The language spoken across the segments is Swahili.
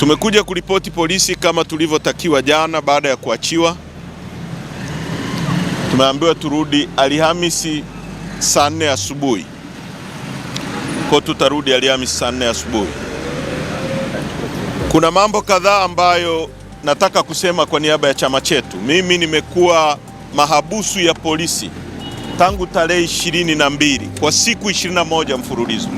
Tumekuja kuripoti polisi kama tulivyotakiwa jana baada ya kuachiwa. Tumeambiwa turudi Alhamisi saa nne asubuhi. Kwa tutarudi Alhamisi saa nne asubuhi. Kuna mambo kadhaa ambayo nataka kusema kwa niaba ya chama chetu. Mimi nimekuwa mahabusu ya polisi tangu tarehe ishirini na mbili kwa siku 21 mfululizo.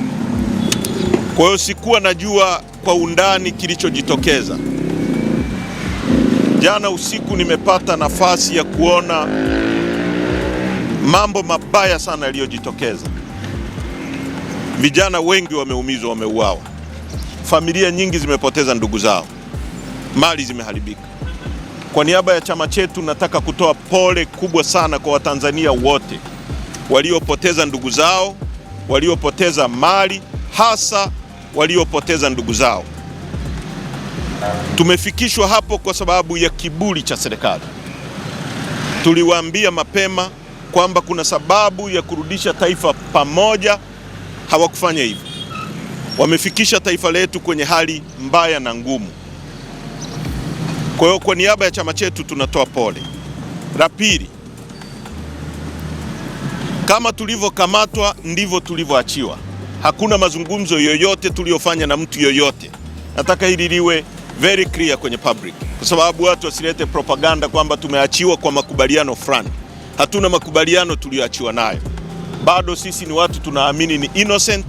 Kwa hiyo sikuwa najua kwa undani kilichojitokeza jana usiku. Nimepata nafasi ya kuona mambo mabaya sana yaliyojitokeza. Vijana wengi wameumizwa, wameuawa, familia nyingi zimepoteza ndugu zao, mali zimeharibika. Kwa niaba ya chama chetu nataka kutoa pole kubwa sana kwa Watanzania wote waliopoteza ndugu zao, waliopoteza mali hasa waliopoteza ndugu zao. Tumefikishwa hapo kwa sababu ya kiburi cha serikali. Tuliwaambia mapema kwamba kuna sababu ya kurudisha taifa pamoja, hawakufanya hivyo. Wamefikisha taifa letu kwenye hali mbaya na ngumu. Kwa hiyo, kwa niaba ya chama chetu tunatoa pole. La pili, kama tulivyokamatwa ndivyo tulivyoachiwa hakuna mazungumzo yoyote tuliyofanya na mtu yoyote. Nataka hili liwe very clear kwenye public, kwa sababu watu wasilete propaganda kwamba tumeachiwa kwa makubaliano fulani. Hatuna makubaliano tuliyoachiwa nayo. Bado sisi ni watu tunaamini ni innocent,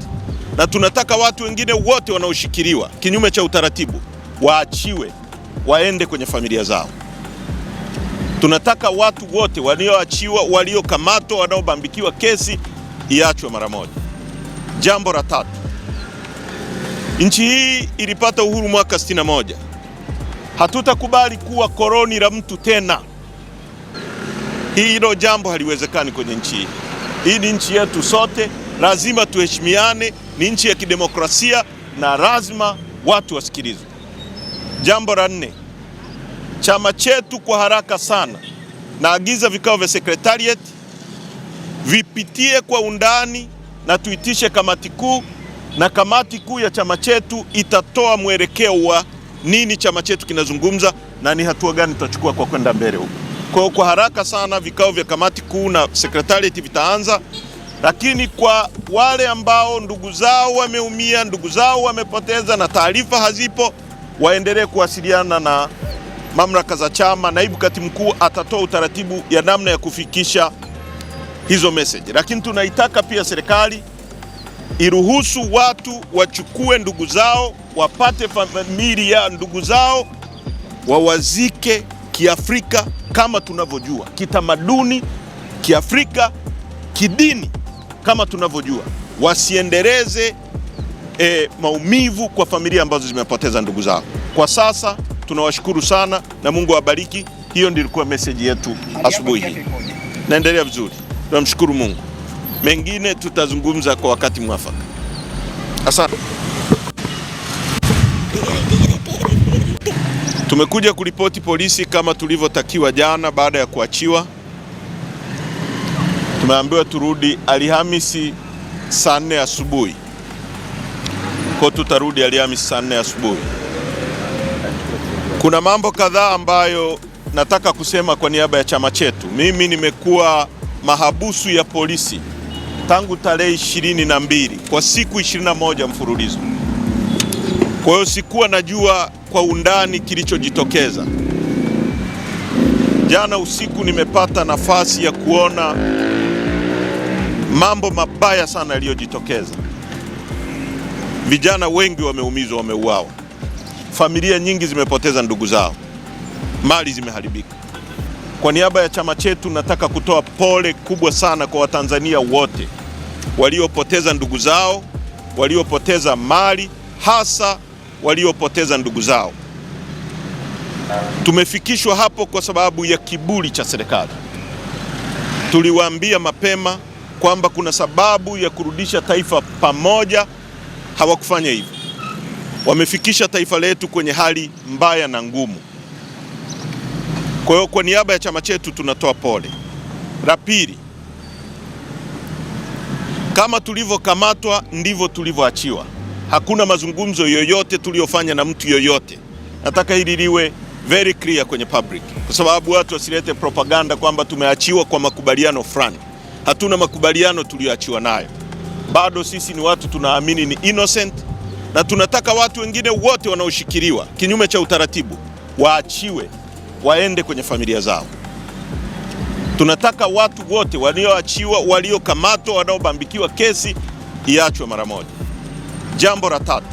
na tunataka watu wengine wote wanaoshikiliwa kinyume cha utaratibu waachiwe, waende kwenye familia zao. Tunataka watu wote walioachiwa, waliokamatwa, wanaobambikiwa kesi iachwe mara moja. Jambo la tatu, nchi hii ilipata uhuru mwaka 61. Hatutakubali kuwa koloni la mtu tena. Hilo jambo haliwezekani kwenye nchi hii. Hii ni nchi yetu sote, lazima tuheshimiane. Ni nchi ya kidemokrasia na lazima watu wasikilizwe. Jambo la nne, chama chetu kwa haraka sana, naagiza vikao vya sekretariat vipitie kwa undani na tuitishe kamati kuu, na kamati kuu ya chama chetu itatoa mwelekeo wa nini chama chetu kinazungumza na ni hatua gani tutachukua kwa kwenda mbele huko. Kwa hiyo kwa haraka sana vikao vya kamati kuu na sekretarieti vitaanza, lakini kwa wale ambao ndugu zao wameumia, ndugu zao wamepoteza na taarifa hazipo, waendelee kuwasiliana na mamlaka za chama. Naibu katibu mkuu atatoa utaratibu ya namna ya kufikisha hizo message, lakini tunaitaka pia serikali iruhusu watu wachukue ndugu zao, wapate familia ya ndugu zao, wawazike Kiafrika kama tunavyojua, kitamaduni Kiafrika, kidini kama tunavyojua, wasiendeleze e, maumivu kwa familia ambazo zimepoteza ndugu zao. Kwa sasa tunawashukuru sana na Mungu awabariki. Hiyo ndiyo ilikuwa meseji yetu asubuhi hii. Naendelea vizuri tunamshukuru Mungu. Mengine tutazungumza kwa wakati mwafaka. Asante. Tumekuja kuripoti polisi kama tulivyotakiwa jana. Baada ya kuachiwa, tumeambiwa turudi Alhamisi saa nne asubuhi, kwa tutarudi Alhamisi saa nne asubuhi. Kuna mambo kadhaa ambayo nataka kusema kwa niaba ya chama chetu. Mimi nimekuwa mahabusu ya polisi tangu tarehe ishirini na mbili kwa siku moja mfululizo. Kwa hiyo sikuwa najua kwa undani kilichojitokeza. Jana usiku nimepata nafasi ya kuona mambo mabaya sana yaliyojitokeza. Vijana wengi wameumizwa, wameuawa, familia nyingi zimepoteza ndugu zao, mali zimeharibika. Kwa niaba ya chama chetu nataka kutoa pole kubwa sana kwa Watanzania wote waliopoteza ndugu zao, waliopoteza mali, hasa waliopoteza ndugu zao. Tumefikishwa hapo kwa sababu ya kiburi cha serikali. Tuliwaambia mapema kwamba kuna sababu ya kurudisha taifa pamoja, hawakufanya hivyo. Wamefikisha taifa letu kwenye hali mbaya na ngumu. Kwa hiyo kwa niaba ya chama chetu tunatoa pole. La pili, kama tulivyokamatwa ndivyo tulivyoachiwa. Hakuna mazungumzo yoyote tuliyofanya na mtu yoyote. Nataka hili liwe very clear kwenye public, kwa sababu watu wasilete propaganda kwamba tumeachiwa kwa makubaliano fulani. Hatuna makubaliano tuliyoachiwa nayo. Bado sisi ni watu tunaamini ni innocent, na tunataka watu wengine wote wanaoshikiliwa kinyume cha utaratibu waachiwe waende kwenye familia zao. Tunataka watu wote walioachiwa, waliokamatwa, wanaobambikiwa kesi iachwe mara moja. Jambo la tatu,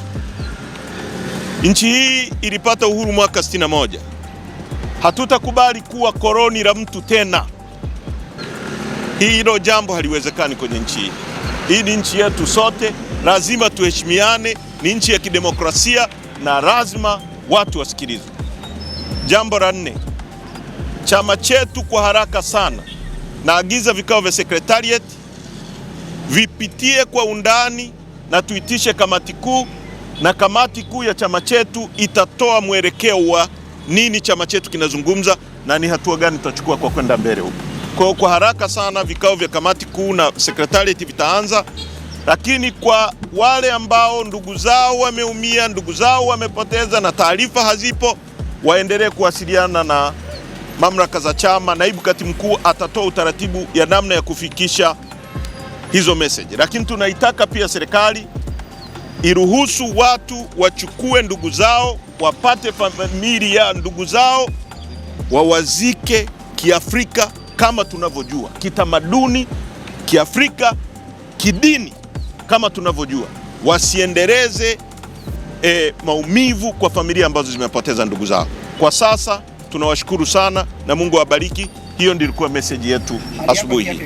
nchi hii ilipata uhuru mwaka 61. Hatutakubali kuwa koloni la mtu tena. hilo jambo haliwezekani kwenye nchi hii. Hii ni nchi yetu sote, lazima tuheshimiane. Ni nchi ya kidemokrasia na lazima watu wasikilizwe. Jambo la nne, chama chetu kwa haraka sana, naagiza vikao vya secretariat vipitie kwa undani na tuitishe kamati kuu, na kamati kuu ya chama chetu itatoa mwelekeo wa nini chama chetu kinazungumza na ni hatua gani tutachukua kwa kwenda mbele huko. Kwa hiyo kwa haraka sana vikao vya kamati kuu na secretariat vitaanza, lakini kwa wale ambao ndugu zao wameumia, ndugu zao wamepoteza na taarifa hazipo waendelee kuwasiliana na mamlaka za chama. Naibu katibu mkuu atatoa utaratibu ya namna ya kufikisha hizo message, lakini tunaitaka pia serikali iruhusu watu wachukue ndugu zao, wapate familia ndugu zao, wawazike Kiafrika kama tunavyojua, kitamaduni Kiafrika, kidini kama tunavyojua, wasiendeleze e, maumivu kwa familia ambazo zimepoteza ndugu zao. Kwa sasa tunawashukuru sana na Mungu awabariki. Hiyo ndiyo ilikuwa meseji yetu asubuhi hii.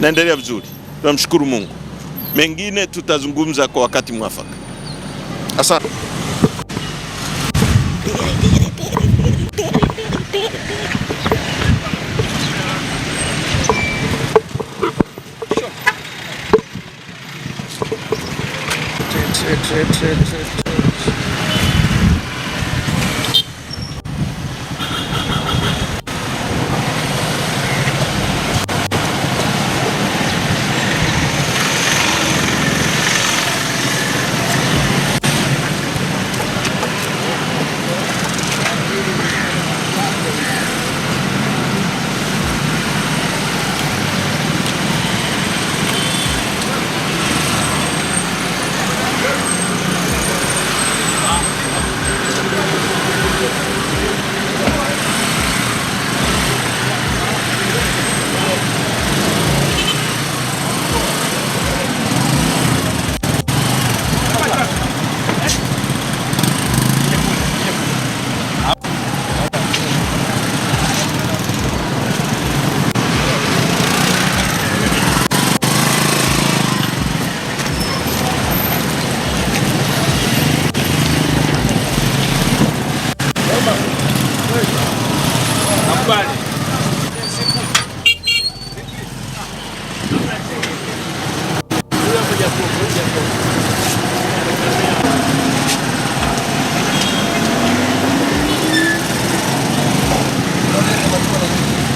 Naendelea vizuri, tunamshukuru Mungu. Mengine tutazungumza kwa wakati mwafaka. Asante.